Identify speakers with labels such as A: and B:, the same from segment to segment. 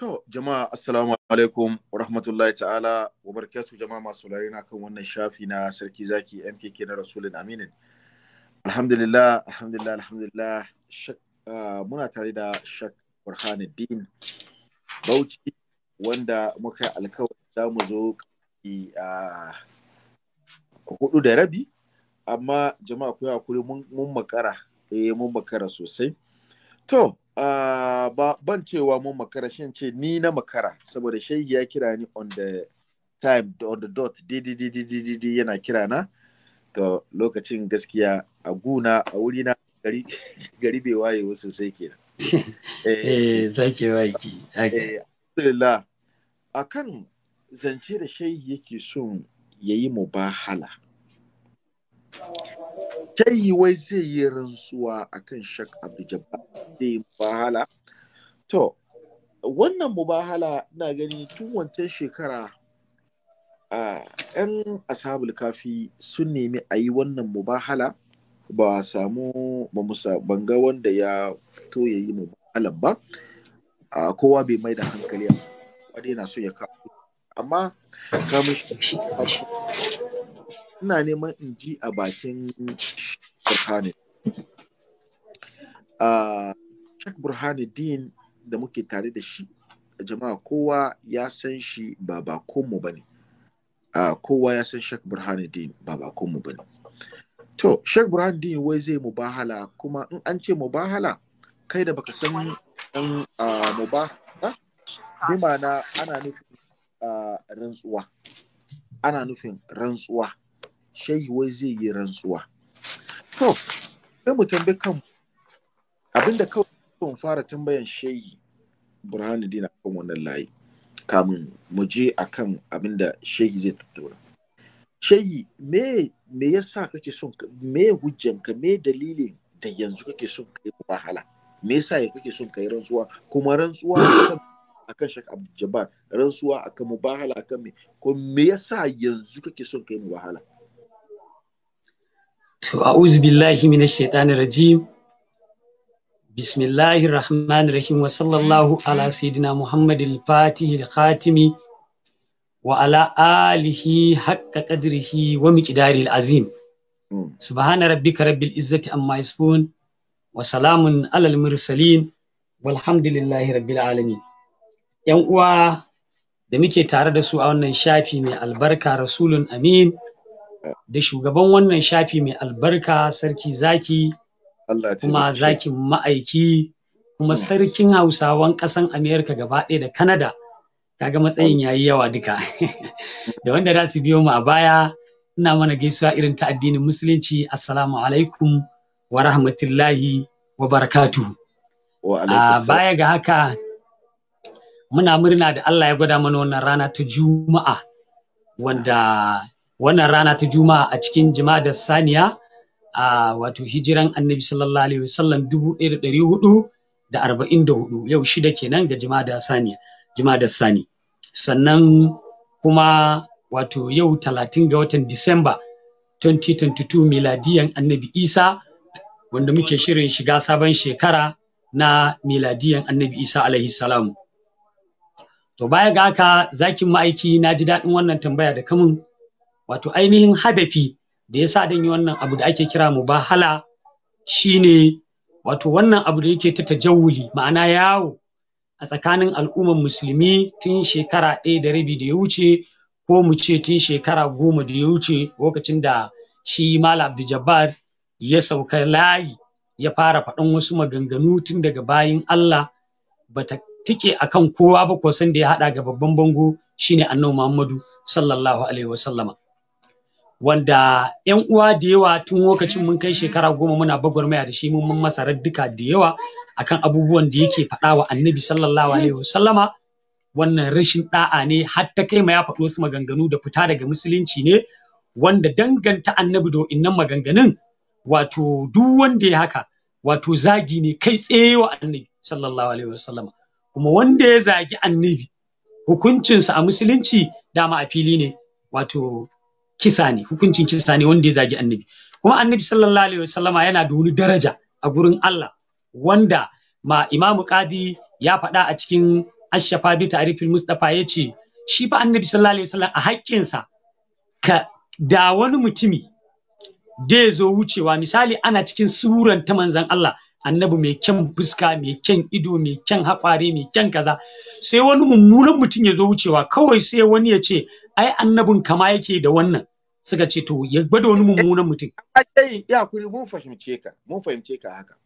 A: To, jama'a assalamu alaikum wa rahmatullahi ta'ala wa barakatuh jama'a masu na kan wannan shafi na sarki zaki MKK na Rasulun Aminin. Alhamdulillah, alhamdulillah, alhamdulillah. Ah, muna tare da Shak Burhanuddin Bauchi wanda muka alkawar za mu zo a ah, hudu da rabi, amma jama'a kuwa kuri mun makara, eh mun makara sosai. To, ba ban cewa mun makara shin ce ni na makara saboda shehi ya kira ni on the time on the dot didi yana kira na to lokacin gaskiya a guna a wuri na gari bai wayewa sosai kenan eh zaki waki eh, alhamdulillah akan zance da shehi yake son yayi mubahala ta wai zai yi rantsuwa akan shak abdujabbar zai mubahala to wannan mubahala na gani tun wancan shekara yan ashabul kafi sun nemi a yi wannan mubahala ba a samu ban ga wanda ya fito ya yi mubahalan ba a kowa bai mai da hankali wanda yana so ya kawo amma kamun shi ina neman in ji a bakin burhanin ah, Sheikh Burhanuddin da muke tare da shi jama'a kowa ya san shi ba bakonmu ba ne ah, kowa ya san Sheikh Burhanuddin ba bakonmu ba ne to Sheikh Burhanuddin wai zai mubahala kuma in an ce mubahala kai da baka san dan ah, ba bi ma'ana ana nufin rantsuwa ana nufin rantsuwa Shayi wai zai yi rantsuwa to sai mu tambayi kan abinda kawai mu fara tambayan shehi burhanuddin akan wannan layi Kamin mu je akan abinda shehi zai tattauna shehi me me yasa kake son me hujjanka me dalilin da yanzu kake son kai wahala me yasa kake son kai rantsuwa kuma rantsuwa akan shak abdul rantsuwa akan mubahala akan me ko me yasa yanzu
B: kake son kai mubahala To, a'udhu billahi minash shaitanir rajim. Bismillahir Rahmanir Rahim wa sallallahu ala sayidina Muhammadil al Khatimi wa ala alihi haqqa qadrihi wa miqdaril azim. Hmm. Subhana rabbika rabbil izzati amma yasifun wa salamun alal mursalin walhamdulillahi rabbil alamin. Yan uwa da muke tare da su a wannan shafi mai albarka Rasulun Amin. da shugaban wannan shafi mai albarka sarki zaki kuma zakin ma'aiki kuma hmm. sarkin hausawan ƙasan amerika gaba ɗaya da kanada kaga matsayin hmm. ya yi yawa duka da wanda za su biyo mu a baya ina mana gaisuwa irin ta addinin musulunci assalamu alaikum wa rahmatullahi wa barakatu.
A: a baya
B: ga haka muna murna da Allah ya gwada mana wannan rana ta juma'a wanda wannan rana ta juma'a a cikin jima'ar saniya a wato hijiran annabi sallallahu alaihi wasallam dubu ɗaya da ɗari hudu da arba'in da hudu yau shida kenan ga jima'ar saniya sani sannan kuma wato yau talatin ga watan disamba 2022 miladiyan annabi isa wanda muke shirin shiga sabon shekara na miladiyan annabi isa alaihi salamu to baya ga haka zakin ma'aiki na ji daɗin wannan tambaya da kamun wato ainihin hadafi da ya sa dan yi wannan abu da ake kira mubahala shine wato wannan abu da yake ta tajawuli ma'ana yawo a tsakanin al'umman musulmi tun shekara ɗaya da rabi da ya wuce ko mu ce tun shekara goma da ya wuce lokacin da shi Malam Abdul ya sauka layi ya fara faɗan wasu maganganu tun daga bayin Allah bata tike akan kowa ba ko san da ya haɗa ga babban bango shine Annabi Muhammadu sallallahu alaihi wasallama wanda yan uwa da yawa tun lokacin mun kai shekara goma muna maya da shi mun mun masa raddika da yawa akan abubuwan da yake faɗa wa annabi sallallahu alaihi wasallama wannan rashin da'a ne har ta kai ma ya faɗi wasu maganganu da fita daga musulunci ne wanda danganta annabi da innan maganganun wato duk wanda ya haka wato zagi ne kai tsaye wa annabi sallallahu alaihi wasallama kuma wanda ya zagi annabi hukuncinsa a musulunci dama a fili ne wato kisa ne hukuncin kisa ne wanda ya zagi annabi kuma annabi sallallahu alaihi wasallama yana da wani daraja a gurin Allah wanda ma imamu qadi ya faɗa a cikin ashafa bi ta'rifil mustafa yace shi fa annabi sallallahu alaihi wasallam a sa ka da wani mutumi da zo wucewa misali ana cikin suran ta manzon Allah annabi mai kyan fuska mai kyan ido mai kyan haƙware mai kyan kaza sai wani mummunan mutum ya zo wucewa kawai sai wani ya ce ai annabin kama yake da wannan suka ce to ya gwada wani mummunan mutum
A: ya kuri mun fahimce ka mun fahimce ka haka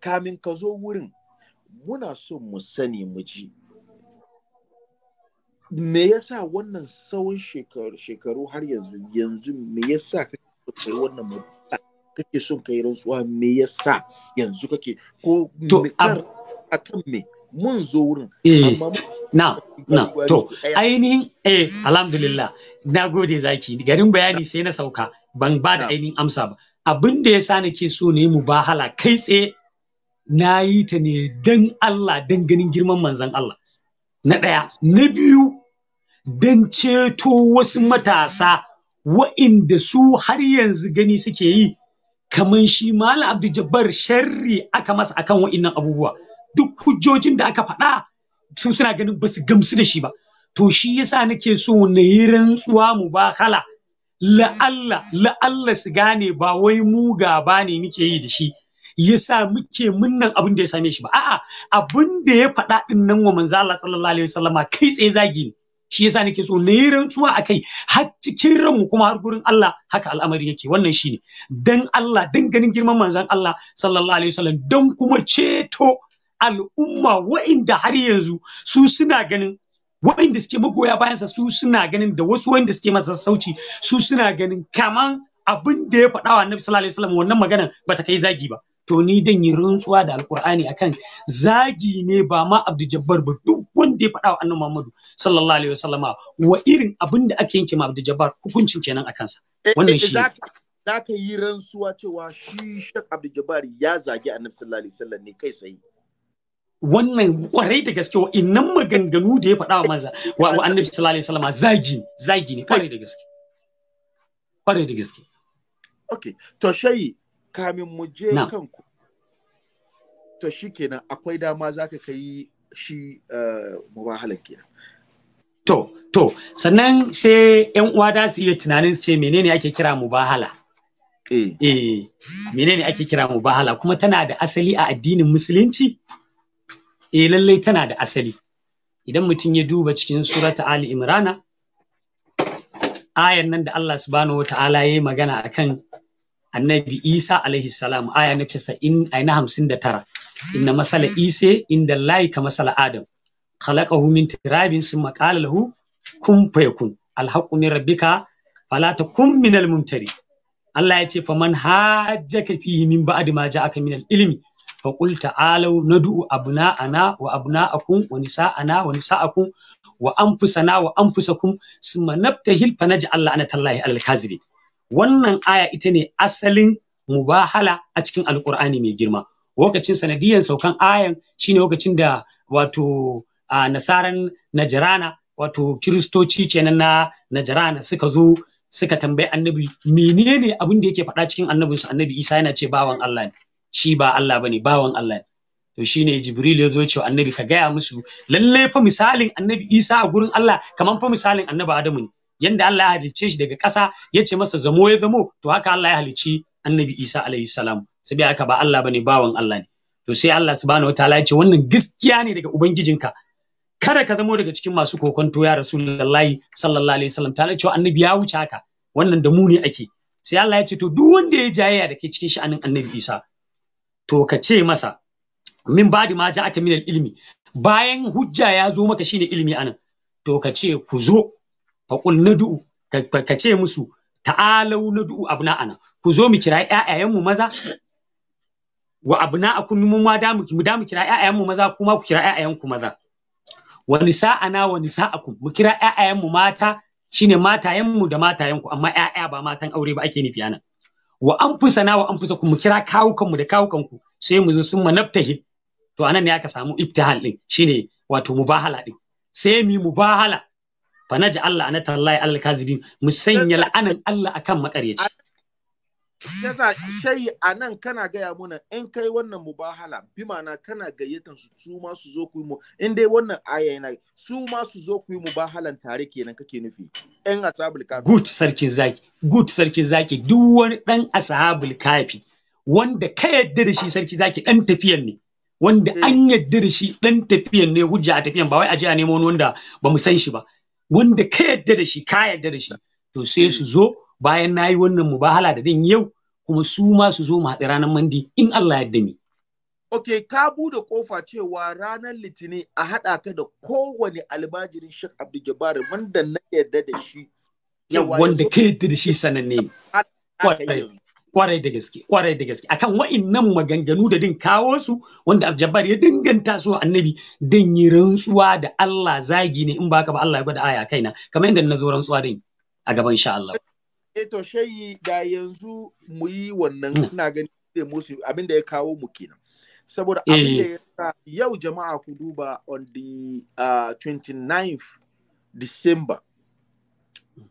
A: kamin ka zo wurin muna so mu sani mu ji me yasa wannan tsawon shekaru har yanzu yanzu me yasa kake so wannan mutum kake son kai rantsuwa me
B: yasa yanzu kake ko akan me Eh, mun zo wurin na na to ainihin eh alhamdulillah na gode zaki garin bayani sai na sauka ban ba da ainihin amsa ba abin da ya sa nake so ne mu bahala kai tsaye na yi ta ne don Allah don ganin girman manzan Allah na ɗaya na biyu don ceto wasu matasa wa'inda su har yanzu gani suke yi kamar shi Malam Abdul Jabbar sharri aka masa akan wa'innan abubuwa duk hujjojin da aka faɗa sun suna ganin ba su gamsu da shi ba to shi yasa nake so na yi rantsuwa mu ba hala la'alla la'alla su gane ba wai mu gaba ne muke yi da shi Ya sa muke munnan abin da ya same shi ba a'a abin da ya faɗa ɗin nan wa manzo Allah sallallahu alaihi wasallama kai tsaye zagi ne shi yasa nake so na yi rantsuwa a kai har cikin ranmu kuma har gurin Allah haka al'amari yake wannan shi ne. dan Allah dan ganin girman manzon Allah sallallahu alaihi wasallam dan kuma ceto al'umma wa'inda har yanzu su suna ganin wa'inda suke magoya bayansa su suna ganin da wasu wa'inda suke masa sauci su suna ganin kaman abin da ya faɗa wa annabi sallallahu alaihi wasallam wannan magana bata kai zagi ba to ni dan yi rantsuwa da alqur'ani akan zagi ne ba ma abdu jabbar ba duk wanda ya faɗa wa annabi muhammadu sallallahu alaihi wasallam wa irin abin da ake yanke ma abdu jabbar hukuncin kenan akan sa eh, wannan eh, shi za
A: ka yi rantsuwa cewa shi shak abdu jabbar ya zagi annabi sallallahu alaihi wasallam ne kai sai?
B: wannan kwarai da gaske wa'innan maganganu da ya faɗa wa maza wa annabi sallallahu alaihi wasallam zagi ne zagi ne kwarai da gaske kwarai da gaske okay to shayi kamin mu
A: je kanku to shikenan akwai dama zaka kai shi
B: eh, mubahalan kenan to to sannan sai yan uwa da su iya tunanin su ce menene ake kira mubahala eh eh menene ake kira mubahala kuma tana da asali a addinin musulunci eh lallai tana da asali idan mutum ya duba cikin surata Ali Imrana ayan nan da Allah subhanahu wata'ala yayi magana akan Annabi Isa alaihi salam aya na 90 na 59 inna masala Isa inda lai ka masala Adam khalaqahu min turabin summa qala lahu kun fayakun alhaqqu min rabbika fala takun minal mumtari Allah ya ce faman hajjaka fihi min ba'd ma ja'aka minal ilmi فقل تعالوا ندعو أبناءنا وأبناءكم ونساءنا ونساءكم وأنفسنا وأنفسكم ثم نبتهل فنجعل لعنة الله على الكاذبين wannan aya ita ne asalin mubahala a cikin alkur'ani mai girma lokacin sanadiyan saukan ayan shine lokacin da wato a nasaran najrana wato kiristoci kenan na najrana suka zo suka tambayi annabi menene abin da yake faɗa cikin annabinsu annabi isa yana ce bawan allah ne shi ba Allah bane bawan Allah to shine Jibril ya zo cewa annabi ka gaya musu lalle fa misalin annabi Isa a gurin Allah kaman fa misalin annabi Adamu ne yanda Allah ya halicce shi daga ƙasa ya ce masa zamo ya zamo to haka Allah ya halicci annabi Isa alaihi salam sabi haka ba Allah bane bawan Allah ne to sai Allah subhanahu wataala ya ce wannan gaskiya ne daga ubangijinka kada ka zamo daga cikin masu kokonto ya rasulullahi sallallahu alaihi wasallam ta cewa annabi ya wuce haka wannan da mu ne ake sai Allah ya ce to duk wanda ya jayayya da ke cikin sha'anin annabi Isa to ka ce masa min ba'di ma aka minar ilmi bayan hujja ya zo maka shine ilimi anan to ka ce ku zo fa qul nad'u ka ce musu ta'alau nad'u ana. ku zo mu kira ƴaƴayen mu maza wa abna'akum mu ma da mu da mu kira ƴaƴayen mu maza kuma ku kira ƴaƴayen ku maza wa nisa'ana wa nisa'akum mu kira ƴaƴayen mu mata shine matayen mu da matayen ku amma ƴaƴa ba matan aure ba ake nufi anan wa anfusana wa an ku mu kira kawukanmu da kawukanku sai mu zo sun manabtahi to anan ne aka samu ibtihal din shine wato mubahala din sai mu mubahala fa naji Allah anata Allah al kazibin mu sanya la'anan Allah akan makaryaci
A: yasa shayi a nan kana gaya muna in kai wannan mubahala bi mana kana gayyatan su su ma su zo ku yi mu in dai wannan aya yana su ma su zo ku yi mubahalan tare kenan kake nufi ɗan ashabul kafi good
B: sarkin zaki good sarkin zaki duk wani ɗan ashabul kafi wanda ka yadda da shi sarki zaki ɗan tafiyan ne wanda eh. an yadda da shi ɗan tafiyan ne hujja a tafiyan ba wai a je a nemo wanda ba mu san shi ba wanda ka yadda da shi ka yadda da shi to sai su eh. zo bayan na yi wannan mubahala da din yau kuma su ma su zo mu haɗu ranar mandi in Allah ya dami.
A: Ok, ka bude kofa cewa ranar litinin a haɗa ka da kowane almajirin Sheikh Abdul Jabbar wanda na yarda da shi. Wanda ka
B: yarda da shi sananne. Kwarai da gaske, kwarai da gaske. Akan wa'innan maganganu da din kawo su wanda Jabbar ya dinganta su annabi dan yi rantsuwa da Allah zagi ne in baka ba Allah ya bada aya kaina kamar inda na zo rantsuwa din a gaban insha Allah.
A: Eh to shayi da yanzu mu yi wannan hmm. ina gani zai musu abin da ya kawo mu kenan saboda eh. abin da ya yau jama'a ku duba on the uh, 29th December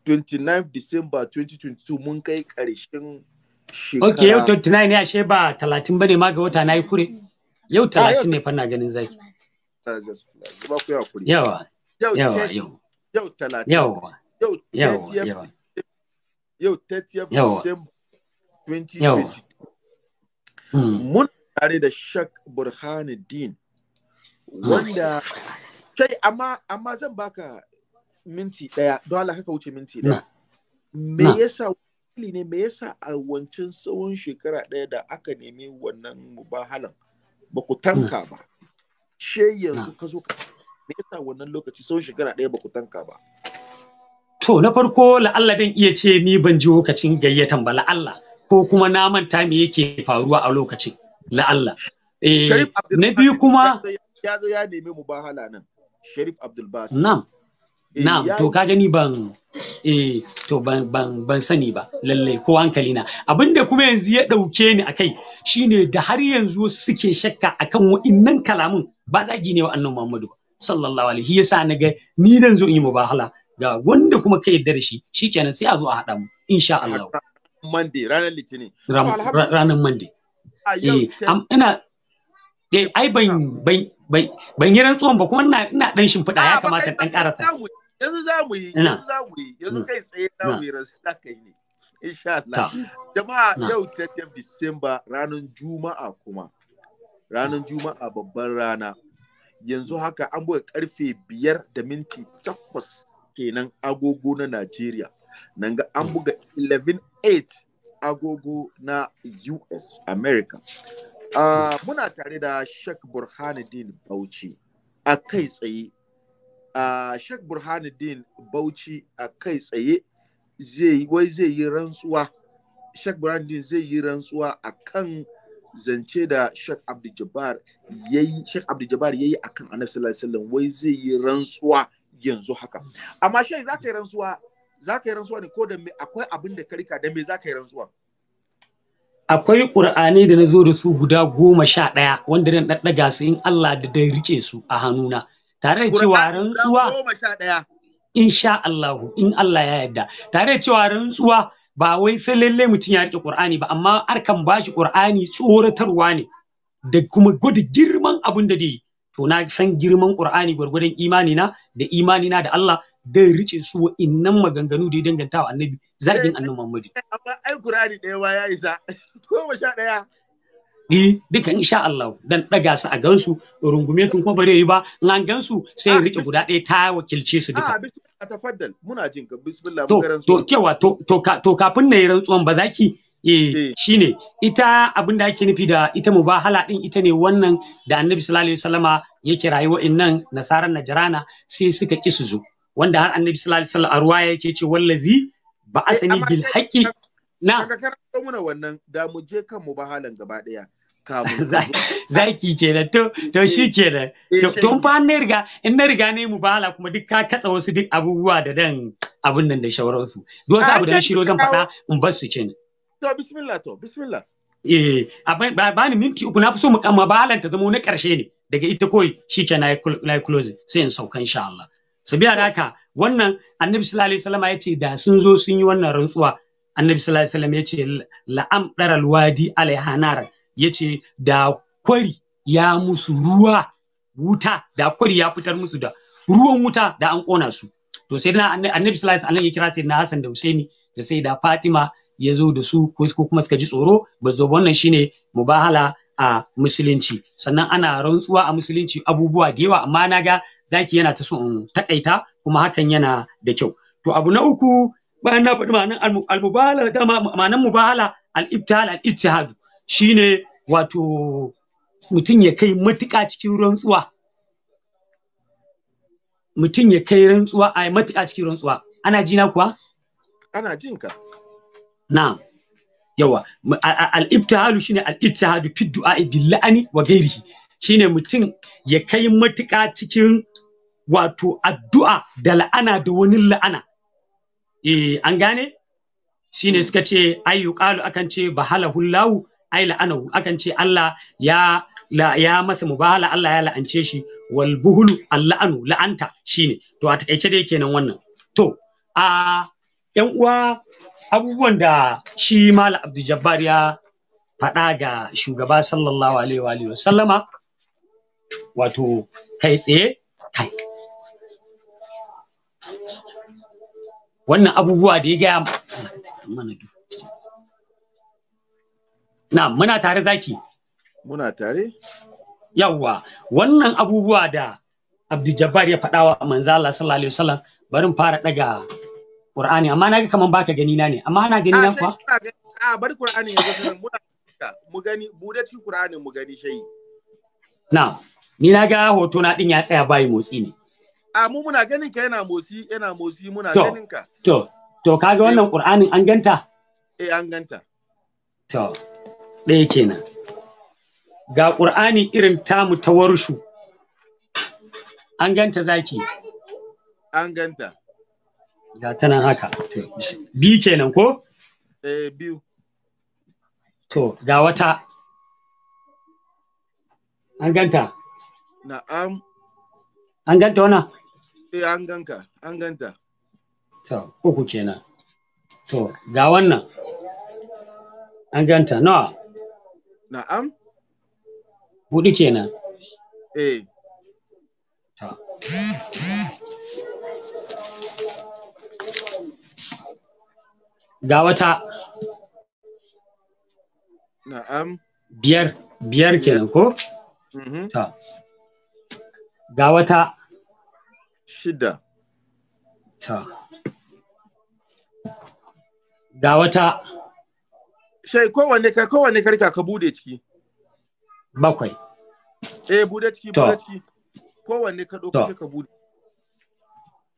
A: 29th December 2022 mun kai karshen
B: shekara. Okay yau 29 ne ashe ba 30 bane ma ga wata nayi kure. Yau 30 ah, ne fanna ganin zaki.
A: Yawa Yawa. Yawa, yawa. Yawa. Yawa. Yawa. yau 30th December
B: 2022
A: hmm. mun tare da Shak Burhanuddin hmm. wanda sai amma amma zan baka minti daya don Allah kaka wuce minti daya me yasa wani ne me yasa a wancan tsawon shekara ɗaya da aka nemi wannan mubahalan ba ku tanka hmm. ba she yanzu ka zo ka me yasa wannan lokaci tsawon shekara ɗaya ba ku tanka ba
B: To na farko la'alla dan iya ce ni ban ji lokacin gayyatan ba la'alla ko kuma na manta me yake faruwa a lokacin la'alla. Eh, na biyu kuma
A: ya zo ya nemi mubahala nan Sharif Abdul Basit.
B: Na'am. Eh, Na'am to ka gani ban eh to ban ban ban sani ba lalle ko hankali na abinda kuma yanzu ya dauke ni akai shine da har yanzu suke shakka akan wa'innan kalamun ba zagi ne wa annabi Muhammadu sallallahu alaihi yasa naga ni dan zo in yi mubahala ga wanda kuma ka yarda da shi shikenan sai a zo a haɗa mu insha Allah Monday ranar Litinin ranar Monday eh ina eh ai ban ban ban yi rantsuwan ba kuma ina ina dan shimfiɗa ya ah, kamata dan karata
A: yanzu za mu yi yanzu za mu
B: yi yanzu kai
A: tsaye za mu yi rantsuwa kai ne insha Allah jama'a yau ta December ranar Juma'a kuma ranar Juma'a babban rana yanzu haka an buga karfe biyar da minti takwas kenan agogo na Najeriya. Nan ga an buga 11-8 agogo na US America. Uh, muna tare da Sheikh Burhanuddin Bauchi a kai tsaye. Uh, Sheikh Burhanuddin Bauchi a kai tsaye zai wai zai yi rantsuwa. Sheikh Burhanuddin zai yi rantsuwa a kan zance da Sheikh Abdul Jabbar yayi Sheikh Abdul Jabbar yayi akan Annabi sallallahu alaihi wasallam wai zai yi rantsuwa yanzu haka amma shai za ka yi rantsuwa za ka yi rantsuwa ne ko da me akwai abin da ka rika da me za ka yi rantsuwa
B: akwai ƙur'ani da na zo da su guda goma sha ɗaya wanda zan ɗaɗɗaga su in Allah da dai rike su a hannuna tare da cewa rantsuwa insha Allahu in Allah ya yarda tare da cewa rantsuwa ba wai sai lalle mutum ya rike Qur'ani ba amma arkan bashi Qur'ani tsoratarwa ne da kuma gudu girman abin da dai to na san girman Qur'ani gwargwadon imani na da imani na da Allah dai rice su wa'innan maganganu da ya danganta wa annabi zargin annabi Muhammadu eh, amma ai Qur'ani da yawa ya isa goma sha daya Eh, dukan insha Allah dan daga su a gansu rungume sun kuma bare yi ba in an gansu sai in rike guda ɗaya ta wakilce su duka. A
A: ah, tafaddal muna jin ka bismillah
B: to to kewa to to kafin na yi rantsuwan ba za ki Eh, eh. shi ne. ita abin da ake nufi da ita mubahala din ita ne wannan da annabi sallallahu alaihi wasallama yake rayuwa innan nasaran najrana sai suka ki su zo wanda har annabi sallallahu alaihi wasallam a ruwaya yake ce wallazi ba asani eh, bil haqqi na kaga
A: karanto muna wannan da mu je kan mubahalan gaba daya
B: zaki kenan to to shi kenan to tun fa ne riga in na riga ne mubahala kuma duk ka katsa wasu duk abubuwa da dan abun nan da shawararsu? duk wasu ah, abu da shiro zan faɗa in bar su kenan To bismillah to bismillah. Eh ba ni minti uku na fi so mu kama ba ta zama na karshe ne daga ita koyi shi ke na yi close sai in sauka insha Allah. Sabiya da haka wannan annabi sallallahu alaihi wasallam ya ce da sun zo sun yi wannan rantsuwa annabi sallallahu alaihi wasallam ya ce la'am daral wadi nar ya ce da kwari ya musu ruwa wuta da kwari ya fitar musu da ruwan wuta da an kona su to sai na annabi sallallahu alaihi wasallam ya kira sai na Hassan da Husaini da sai da Fatima ya zo da su ko kuma suka ji tsoro ba zo wannan shine mubahala a musulunci sannan ana rantsuwa a musulunci abubuwa da yawa amma na ga zaki yana ta son takaita kuma hakan yana da kyau to abu na uku bayan na faɗi ma'anan al-mubahala dama ma'anan mubahala al-ibtal al-ijtihad shine wato mutum ya kai matuƙa cikin rantsuwa mutum ya kai rantsuwa a matuƙa cikin rantsuwa ana jina kuwa ana jin ka na'am yawa al-ibtihalu shine al-ijtihadu fi du'a'i bil la'ani wa Shi shine mutum ya kai matuƙa cikin wato addu'a da la'ana da wani la'ana eh an gane ne suka ce ai yuqalu akan ce bahalahu lahu ai la'anahu akan ce Allah ya la ya masa mubahala Allah ya la'ance shi wal buhulu al la'anu la'anta shine to a takaice dai kenan wannan to a 'yan uwa abubuwan da shi Malam abdu Jabbar ya faɗa ga shugaba sallallahu alaihi wa sallama wato kai tsaye kai wannan abubuwa da ya gaya mana na muna tare zaki muna tare yawwa wannan abubuwa da abdu Jabbar ya faɗa wa Manzala Allah sallallahu alaihi wa sallam, barin fara ɗaga. Qur'ani amma naga kaman baka gani na ne amma ana gani na ah, kuwa
A: a bari Qur'ani ya yanzu muna mu gani bude cikin Qur'ani mu gani shayi
B: na'am ni naga hoto na din ya tsaya bai motsi ne
A: a ah, mu muna ganin ka yana motsi yana motsi muna ganin ka
B: to to kaga wannan eh. Qur'ani an ganta
A: eh an ganta
B: to ɗaya kenan ga Qur'ani irin tamu ta warushu an ganta zaki
A: an ganta
B: ga ta nan haka biyu kenan ko eh biyu to ga wata an ganta na'am an ganta wana
A: eh an ganka an ganta
B: to uku kenan to ga wannan an ganta nawa na'am hudu kenan
A: eh to ga wata na'am
B: biyar biyar kenan ko mhm. ta ga wata shida ta
A: ga wata shai kowanne ka kowanne karka ka bude ciki bakwai eh bude ciki bude ciki kowanne ka ɗauka ka bude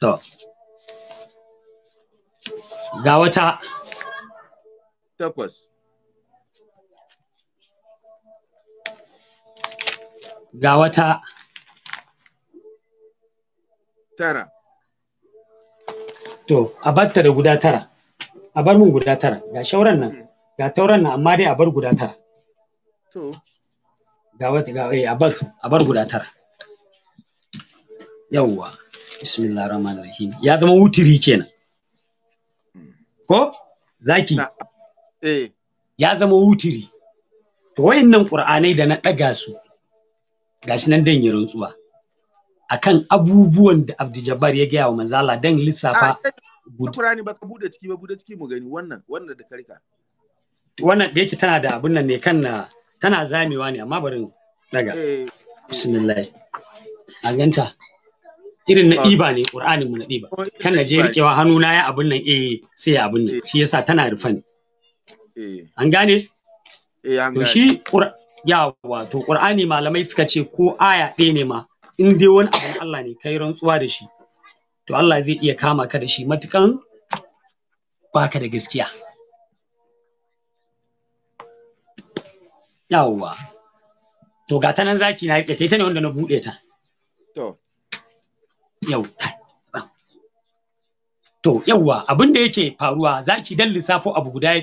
B: to Ga wata. Takwas. Ga wata. Tara. To, a batta da guda tara. A bar mun guda tara. Ga shauran nan. Hmm. Ga tauran nan amma dai a bar guda tara. To. Ga wata ga eh a bar su, a bar guda tara. Yawwa. Bismillahir Rahmanir Rahim. Ya zama wutiri kenan. ko zaki eh ya zama wutiri to wayannan qur'anai da na daga su gashi nan dan yi rantsuwa akan abubuwan da Abdul Jabbar ya gaya wa manzo Allah dan lissafa ah, eh,
A: Qur'ani ba ka bude ciki ba bude ciki mu gani wannan wannan da karika
B: wannan da yake tana da abun nan ne kan na tana zamewa ne amma bari daga eh. bismillah a ganta irin na ɗiba ne ƙur'anin mu na ɗiba kan na je riƙewa hannu na ya abun nan eh sai ya abun nan eh. shi yasa tana rufa ne eh. an gane eh, to shi ya to ƙur'ani malamai suka ce ko aya ɗaya ne ma in dai wani abun Allah ne kai rantsuwa da shi to Allah zai iya kama ka da shi matukan baka da gaskiya yawa to ga ta nan zaki na riƙe ta ne wanda na buɗe ta to to yawwa da yake faruwa zaki dan lissafo abu guda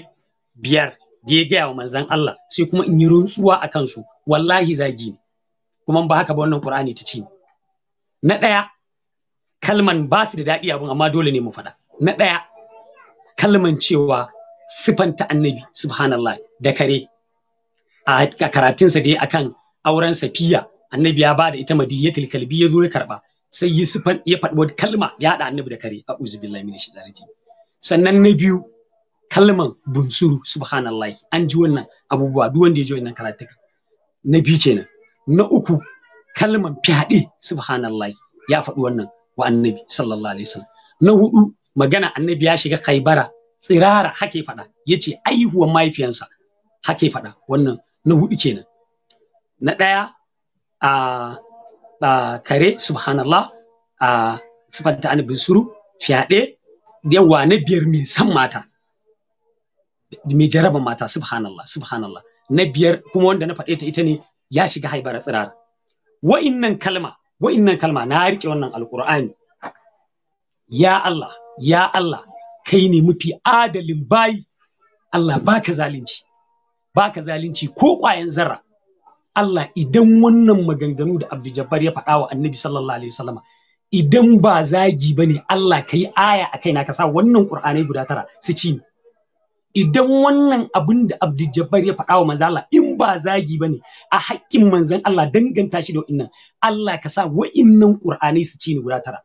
B: biyar da ya gaya wa manzon Allah sai kuma in yi rantsuwa a kansu wallahi zagi ne kuma ba haka ba wannan Qur'ani ta ce na ɗaya kalman ba su da daɗi abun amma dole ne mu faɗa na ɗaya kalman cewa sifanta annabi subhanallah da kare a karatunsa da akan auren safiya annabi ya bada ita madiyatul kalbi ya zo ya karba sai ya faɗi wani kalma ya haɗa annabi da kare a billahi minash rajim sannan na biyu kalman bunsuru subhanallahi an ji wannan abubuwa duk wanda ya ji wannan karatuka na biyu kenan na uku kalman fyaɗe subhanallahi ya faɗi wannan wa annabi sallallahu alaihi wasallam na hudu magana annabi ya shiga khaibara tsirara hake faɗa ya yace aihuwan mahaifiyansa hake faɗa wannan na hudu kenan na ɗaya a kare subhanallah a da annabin suru fyaɗe yawa na biyar mai san mata mai jaraba mata subhanallah subhanallah na biyar kuma wanda na faɗe ta ita ne ya shiga haibara tsirara wa'innan kalma wa'innan kalma na rike wannan alkur'ani ya Allah ya Allah kai ne mafi adalin bayi Allah baka zalunci baka zalunci ko ƙwayan zarra Allah idan wannan maganganu da Abdul ya faɗa wa Annabi sallallahu alaihi wasallam idan ba zagi bane Allah kai aya a kaina ka sa wannan Qur'anai guda tara su ci ni idan wannan abin da Abdul ya faɗa wa manzo Allah in ba zagi bane a haƙƙin manzon Allah danganta shi da wannan Allah ka sa wa'innan Qur'anai su ci ni guda tara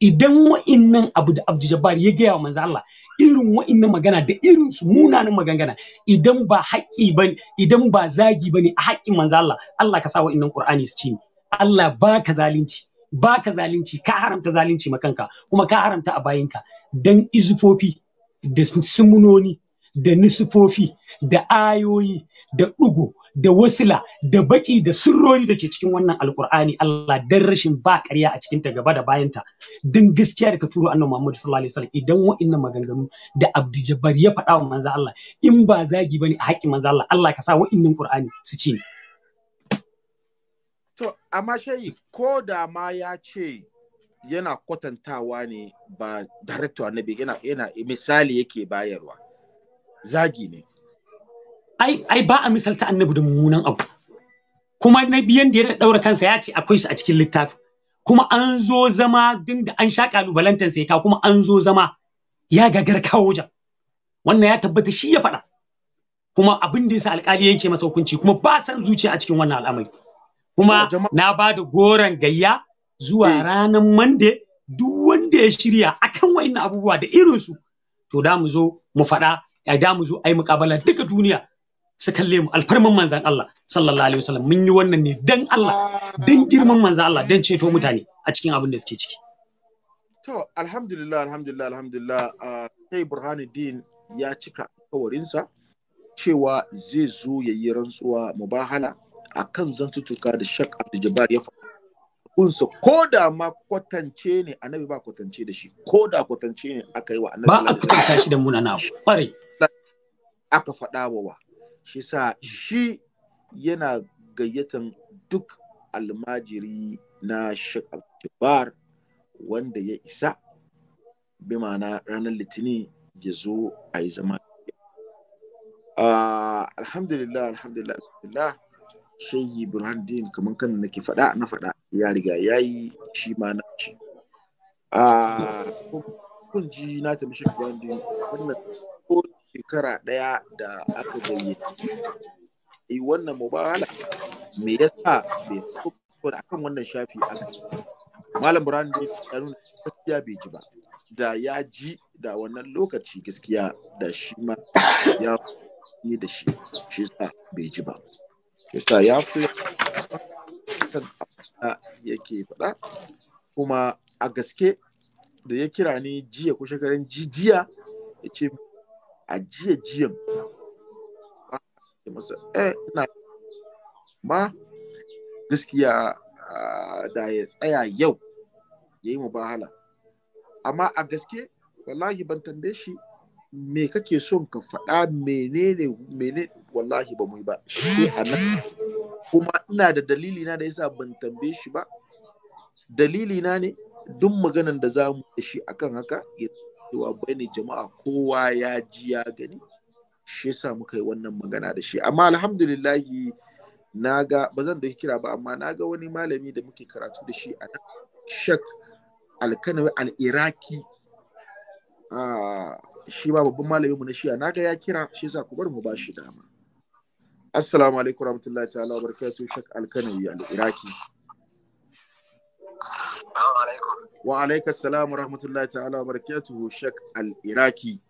B: idan wa'innan abu da Abdul Jabbar ya gaya wa manzo Allah irin wa'innan magana da irin su munanan magangana idan ba haƙƙi bane idan ba zagi bane a haƙƙin manzo Allah Allah ka sa wa'innan Qur'ani su ci Allah ba ka zalunci ba ka zalunci ka haramta zalunci ma kanka kuma ka haramta a bayinka dan izufofi da sumunoni da nisifofi da ayoyi da ɗugo, da wasila da baƙi da surrori da ke cikin wannan alkur'ani Allah dan rashin ba ƙarya a cikinta gaba da bayanta dan gaskiya da ka turo annabi Muhammad sallallahu alaihi wasallam idan wa'annan maganganu da Abdu Jabbar ya faɗa wa manzo Allah in ba zagi bane a haƙƙin manzo Allah Allah ka sa wa'annan Qur'ani su ci
A: to amma shayi ko da ma ya ce yana kwatantawa ne ba director annabi yana yana misali yake bayarwa
B: zagi ne ai ai ba a misalta annabi da mummunan abu kuma na biyan da ya daura kansa ya ce akwai su a cikin littafi kuma an zo zama din da an sha kalubalantar sai ka kuma an zo zama ya gagar kawo ja wannan ya tabbata shi ya faɗa kuma abin da yasa alƙali yanke masa hukunci kuma ba san zuciya a cikin wannan al'amari kuma na ba da goron gayya zuwa eh. ranar mande duk wanda ya shirya akan wa'in abubuwa da irinsu to da mu zo mu faɗa ya da mu zo ai mukabala duka duniya su kalle mu alfarman manzan Allah sallallahu alaihi wasallam mun yi wannan ne dan Allah dan girman manzan Allah dan ceto mutane a cikin abin da suke ciki
A: to alhamdulillah alhamdulillah alhamdulillah sai burhanuddin ya cika kawarinsa cewa zai zo ya rantsuwa mubahala akan zantuttuka da shak abdul ya faɗa kunsa ko da ma kwatance ne annabi ba kwatance da shi ko da kwatance ne aka yi wa annabi ba aka kwatanta shi da munana kwarai aka faɗa wa wa shi sa shi yana gayyatan duk almajiri na Sheikh Abdul wanda ya isa bi ma'ana ranar litini ya zo a yi zama ah, alhamdulillah alhamdulillah alhamdulillah burhan din kamar kan nake faɗa na faɗa ya riga ya yi shi ma na shi a kun ji na tafi shi grounding wannan ko shekara ɗaya da aka gayyata yi e, wannan mubala me yasa bai so akan wannan shafi aka malam Brown da ya nuna gaskiya bai ji ba da ya ji da wannan lokaci gaskiya da shi ma ya yi da shi shi sa bai ji ba shi sa ya fi hakan yake faɗa kuma a gaske da ya kira ni jiya ko shekaran jijiya ya ce a jiya jiyan masa eh na ma gaskiya da ya tsaya yau ya yi mubahala amma a gaske wallahi ban tambaye shi me kake son ka faɗa menene menene wallahi ba mu yi ba shi a nan kuma ina da dalili na da yasa ban tambaye shi ba dalili na ne duk maganan da zamu da shi akan haka ya abai ne jama'a kowa ya ji ya gani shi yasa muka yi wannan magana da shi amma alhamdulillahi naga ga ba zan da kira ba amma na ga wani malami da muke karatu da shi a nan shak alkanawi al-iraki ah, shi ba babban malamin mu na shiya naga ya kira shi yasa ku bar mu ba shi dama assalamu alaikum warahmatullahi ta'ala wa barakatuh shak alkanawi al-iraki wa alaika salam wa rahmatullahi ta'ala wa barakatuhu shak al-iraki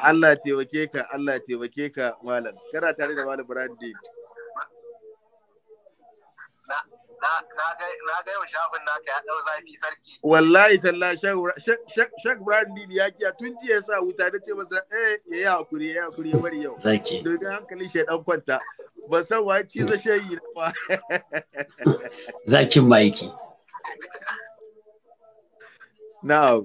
A: Allah taimake ka Allah taimake ka malam kana tare da malam Brandy
B: na ga yau
A: shafin naka ya dau zafi sarki wallahi talla shek brandy ya kiya tun jiya sa wuta da ce masa eh ya yi hakuri ya yi hakuri ya bari yau zaki domin hankalin shi dan kwanta ba san wa ci za na ba
B: zakin maiki na'am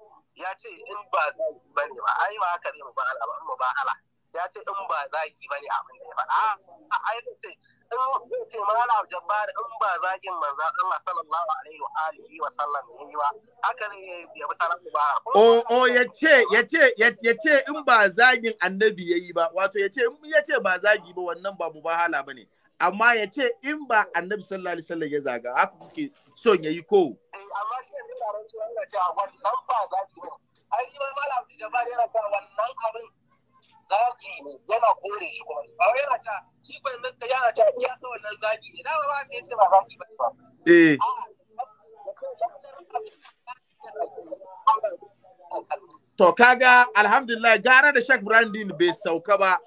A: ya ce in ba zagi ba ne ba ai ba haka ne mu ba ala ba mu ba ala ya ce in ba zagi ba ne abin da ya faɗa a ah, ai da ce in ce mala jabbar in ba zagin manzo Allah sallallahu alaihi wa alihi wa sallam yi ba haka ne ya bi salatu ba o o ce ya ce in ba zagin annabi yayi ba wato yace in yace ba zagi ba wannan ba mu mubahala bane amma ya ce in ba annabi sallallahu alaihi wasallam ya zaga haka kuke son ya yi ko. Eh, amma shi yanzu taron su yana cewa wannan ba za ki ne. Ai shi ma Malam Abdul Jabbar yana cewa wannan abin zaki ne yana kore shi kuma. Ba yana cewa shi ko yanzu da yana cewa iya sa wannan zaki ne. Na ba ka yace ba zaki ba. Eh. To kaga alhamdulillah gara da shek Brandin bai sauka ba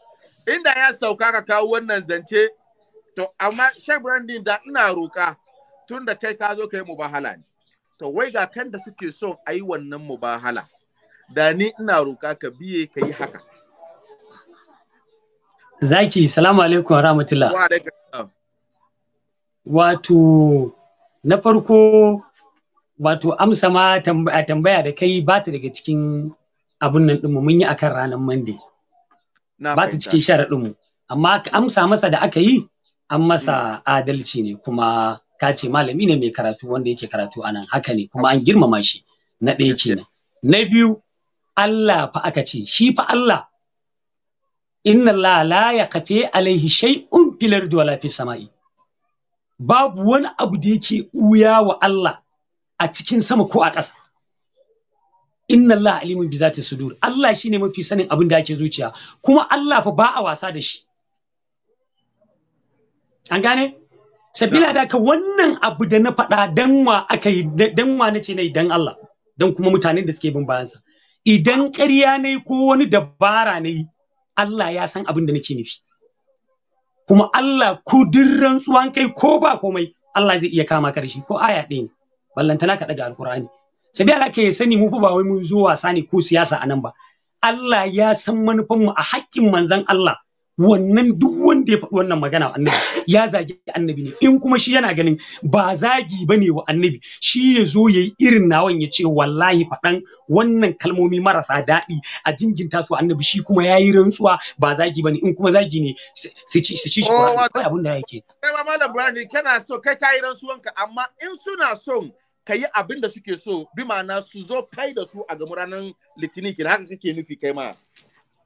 A: inda ya sauka ka kawo wannan zance to amma shek Brandin da ina roƙa. tun da kai ka zo ka yi mubahala ne to wai ga kan da suke son a yi wannan mubahala da ni ina roƙa ka biye ka yi haka
B: zaki salamu alaikum rahmatullah wato na farko wato amsa ma a tambaya da kai ba ta daga cikin abun nan ɗinmu mun yi akan ranar Monday. Ba ta cikin sharaɗinmu. Amma amsa masa da aka yi, an masa adalci ne kuma ka ce malami ne mai karatu wanda yake karatu anan haka ne kuma an girmama shi na ɗaya kenan na biyu Allah fa aka ce shi fa Allah inna la la kafe alaihi shay'un fil ardi wala fis sama'i babu wani abu da yake uya wa Allah a cikin sama ko a ƙasa inna Allah alimun bi zati sudur Allah shine mafi sanin abin da yake zuciya kuma Allah fa ba a wasa da shi an gane sabila da ka wannan abu da na faɗa dan wa aka yi dan wa nace nayi dan Allah dan kuma mutanen da suke bin bayansa idan ƙarya ne ko wani dabara ne Allah ya san abin da nake nufi kuma Allah kudirran tsuwan kai ko ba komai Allah zai iya kama karshe ko aya ɗaya ne ballantana ka daga alkur'ani sabila da ka ya sani mu fa ba wai mun zo wasa ne ko siyasa anan ba Allah ya san manufan mu a haƙƙin manzon Allah wannan duk wanda ya faɗi wannan magana annabi ya zagi annabi ne in kuma shi yana ganin ba zagi ba ne wa annabi shi ya zo ya yi irin nawan ya ce wallahi faɗan wannan kalmomi marasa daɗi a jinginta su annabi shi kuma ya yi rantsuwa ba zagi ba in kuma zagi ne su ci shi ba oh, abin da yake.
A: kai ma malam burani kana so kai ka yi ka, amma in suna so ka yi abin da suke so bi ma'ana su zo kai da su a gamu ranar litinin kira haka kake nufi kai
B: ma.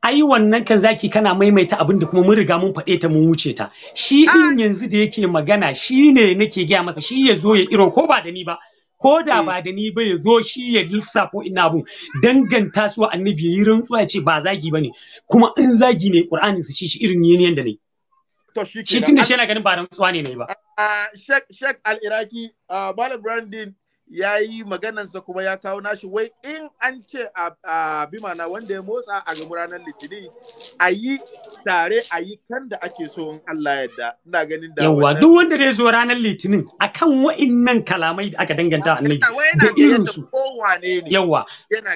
B: ai wannan kan zaki kana maimaita abin da kuma mun riga mun faɗe ta mun wuce ta shi din ah. yanzu da yake magana shi nake gaya masa shi ya zo ya iro ko ba da ni ba ko da mm. ba da ni ba ya zo shi ya ko ina abun danganta su annabi ya yi rantsuwa ya ce ba zagi bane kuma in zagi ne qur'ani su shi shi irin yin da ne shi tunda shi yana ganin ba rantsuwa ne ne ba
A: shek ah, shek al-iraki ah, malam brandin ya yi maganansa kuma ya kawo nashi wai in an ce a bimana wanda ya motsa a gamu ranar litinin a yi tare a yi kan da ake so in Allah yadda ina ganin da yawa duk
B: wanda zai zo ranar litinin akan wa'innan kalamai da aka danganta annabi da irin su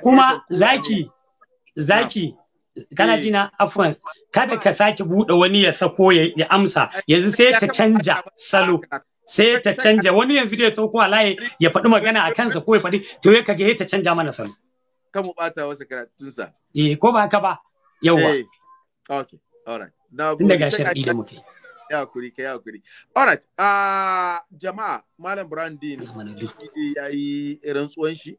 B: kuma zaki zaki kana jina afwan kada ka sake bude wani ya sako ya amsa yanzu sai ta canja salo sai ta canja wani yanzu da ya sauko a layi ya faɗi magana a kansa ko ya faɗi to ya kage ta canja mana salo
A: kan mu bata wasa karatunsa
B: eh ko ba haka ba yauwa. Eh,
A: okay alright na gode daga da muke ya kuri kai ya kuri alright ah jama'a malam brandin ya yi rantsuwan shi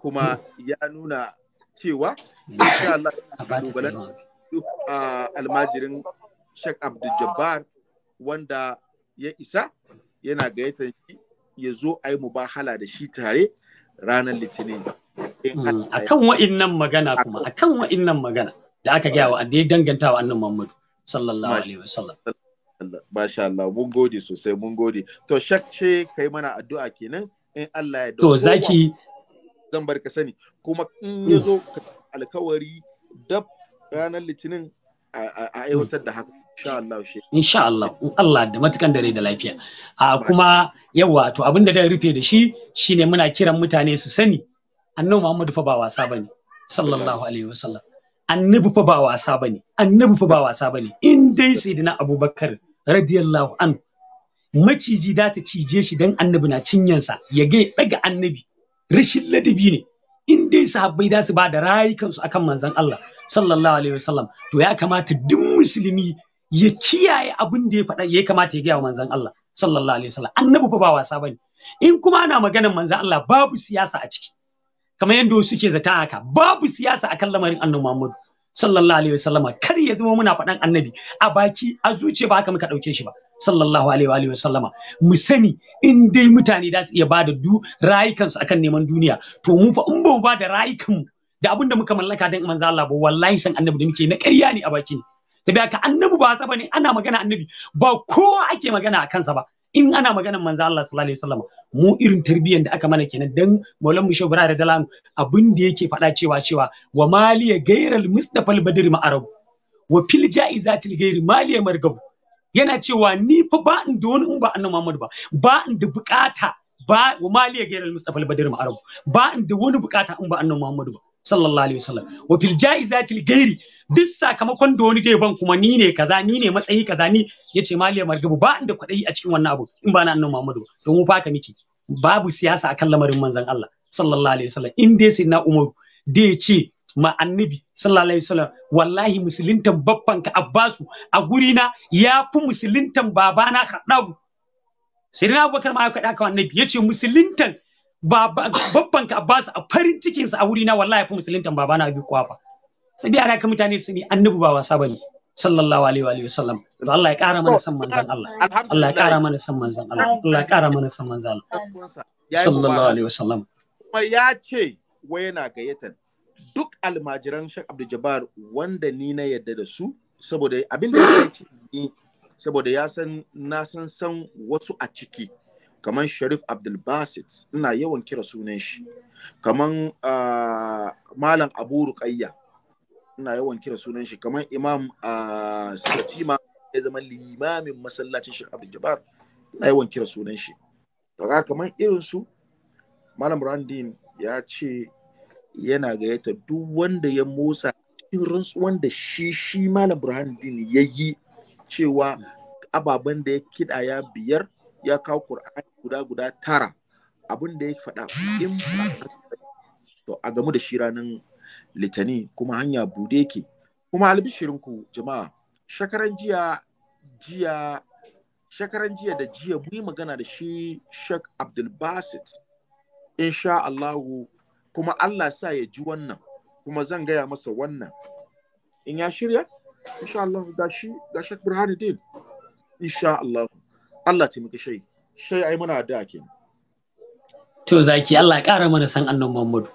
A: kuma ya nuna cewa insha Allah duk almajirin Sheikh Abdul Jabbar wanda ya isa yana gayyatar shi ya zo a yi mubahala da shi
B: tare ranar litinin hmm, A wa'in wa'innan magana kuma a wa'in wa'innan magana da aka gaya wa da ya danganta wa annan Muhammadu, sallallahu alaihi wasallam
A: Masha Allah, mun gode sosai, mun gode. To, shakce kai mana addu'a kenan in Allah ya To, zaki zan bar ka sani, kuma in ya hmm. zo alkawari dab ranar litinin a aiwatar da haka insha Allah insha Allah
B: in Allah da matukan dare da lafiya a kuma yawa to abin da zan rufe da shi shine muna kiran mutane su sani annabi Muhammadu fa ba wasa bane sallallahu alaihi wasallam annabi fa ba wasa bane annabi fa ba wasa bane in dai sayyidina Abubakar radiyallahu an maciji da ta cije shi dan annabi na cinyansa ya ga daga annabi rashin ladabi ne in dai sahabbai da su ba da rayukansu akan manzon Allah sallallahu alaihi wasallam to ya kamata duk musulmi ya kiyaye abin da ya faɗa ya kamata ya gaya wa manzon Allah sallallahu alaihi wasallam annabi fa ba wasa bane in kuma ana maganar manzon Allah babu siyasa a ciki kamar yadda wasu ke zata haka babu siyasa akan lamarin annabi Muhammad sallallahu alaihi wasallam kar ya zama muna faɗan annabi a baki a zuciya ba haka muka ɗauke shi ba sallallahu alaihi wa mu sani in dai mutane da su iya bada du rayukansu akan neman duniya to mu fa in ba da bada rayukanmu da abin da muka mallaka dan manzo Allah ba wallahi san annabi da muke na ƙarya ne a baki ne tabi haka annabi ba haka ana magana annabi ba kowa ake magana a kansa ba in ana magana manzo Allah sallallahu alaihi wasallam mu irin tarbiyyar da aka mana kenan dan maulan mu shehu da dalam abin da yake faɗa cewa cewa wa maliya gairal mustafal al-badr ma'arabu wa fil ja'izatil gairi maliya margabu yana cewa ni fa ba in da wani ba annabi Muhammad ba ba in da bukata ba wa maliya gairal mustafal al-badr ma'arabu ba in da wani bukata in ba annabi Muhammad ba sallallahu alaihi wasallam wa fil li ghairi duk sakamakon da wani zai ban kuma ni ne kaza ni ne matsayi kaza ni yace maliya margabu ba inda kwaɗayi a cikin wannan abu in ba na annabi Muhammadu don mu faka miki babu siyasa akan lamarin manzon Allah sallallahu alaihi wasallam in dai sai na Umaru da ce ma annabi sallallahu alaihi wasallam wallahi musulintan babbanka Abbasu a gurina ya fi musulintan babana Khaddabu sai na Abubakar ma ya faɗa ka annabi yace musulintan babban ka Abbas a farin cikin a wuri na wallahi fa musuluntan babana abi kwafa sai ara ka mutane su ne annabi ba wasa bane sallallahu alaihi wa sallam to Allah ya kara mana san manzon Allah Allah ya kara mana san manzon Allah Allah ya kara mana san manzon Allah
A: sallallahu alaihi wa sallam kuma ya ce wa yana gayyatar duk almajiran Sheikh Abdul Jabbar wanda ni na yadda da su saboda abin da ya ce saboda ya san na san san wasu a ciki kaman sharif abdulbasit ina yawan kira sunan shi kaman ah, malam abu ruqayya ina yawan kira sunan shi kaman imam ah, satima ya zama limamin masallacin shi abdul ina yawan kira sunan shi daga kaman irin su malam brandin ya ce yana gayyata duk wanda ya motsa cikin rantsuwan da shi shi malam burhanuddin ya yi cewa ababen da ya kiɗa ya biyar ya kawo Kur'ani guda guda tara abin da ya faɗa in to a gamu da shi ranar litani kuma hanya bude yake kuma albishirin ku jama'a shakaran jiya jiya shakaran jiya da jiya mu yi magana da shi Sheikh Abdul Basit insha Allahu kuma Allah sa ya ji wannan kuma zan gaya masa wannan in ya shirya insha Allah ga shi ga Burhanuddin insha Allah Allah taimaki shai shai ai muna da ke
B: to zaki Allah ya ƙara mana san annan Muhammadu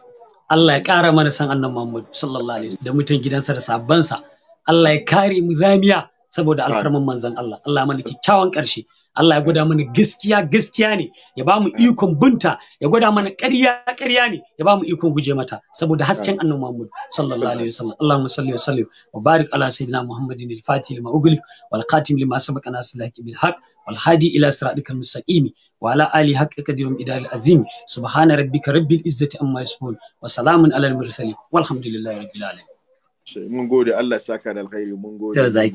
B: Allah ya ƙara mana san annan Muhammadu sallallahu alaihi wasallam da mutan gidansa da sabbansa Allah ya kare mu zamiya saboda alfarman manzon Allah Allah mana kyakkyawan ƙarshe Allah ya gwada mana gaskiya gaskiya ne ya ba mu ikon binta ya gwada mana ƙarya ƙarya ne ya ba mu ikon guje mata saboda hasken annabi Muhammad sallallahu alaihi wasallam Allahumma salli wa sallim wa barik ala sayyidina Muhammadin al-Fatih lima ughliq wal qatim lima sabaqa nasilaki bil haqq wal hadi ila siratikal mustaqim wa ala ali haqqi qadirum idal azim subhana rabbika rabbil izzati amma yasifun wa salamun alal mursalin walhamdulillahi rabbil alamin
A: mun gode Allah saka da alkhairi mun gode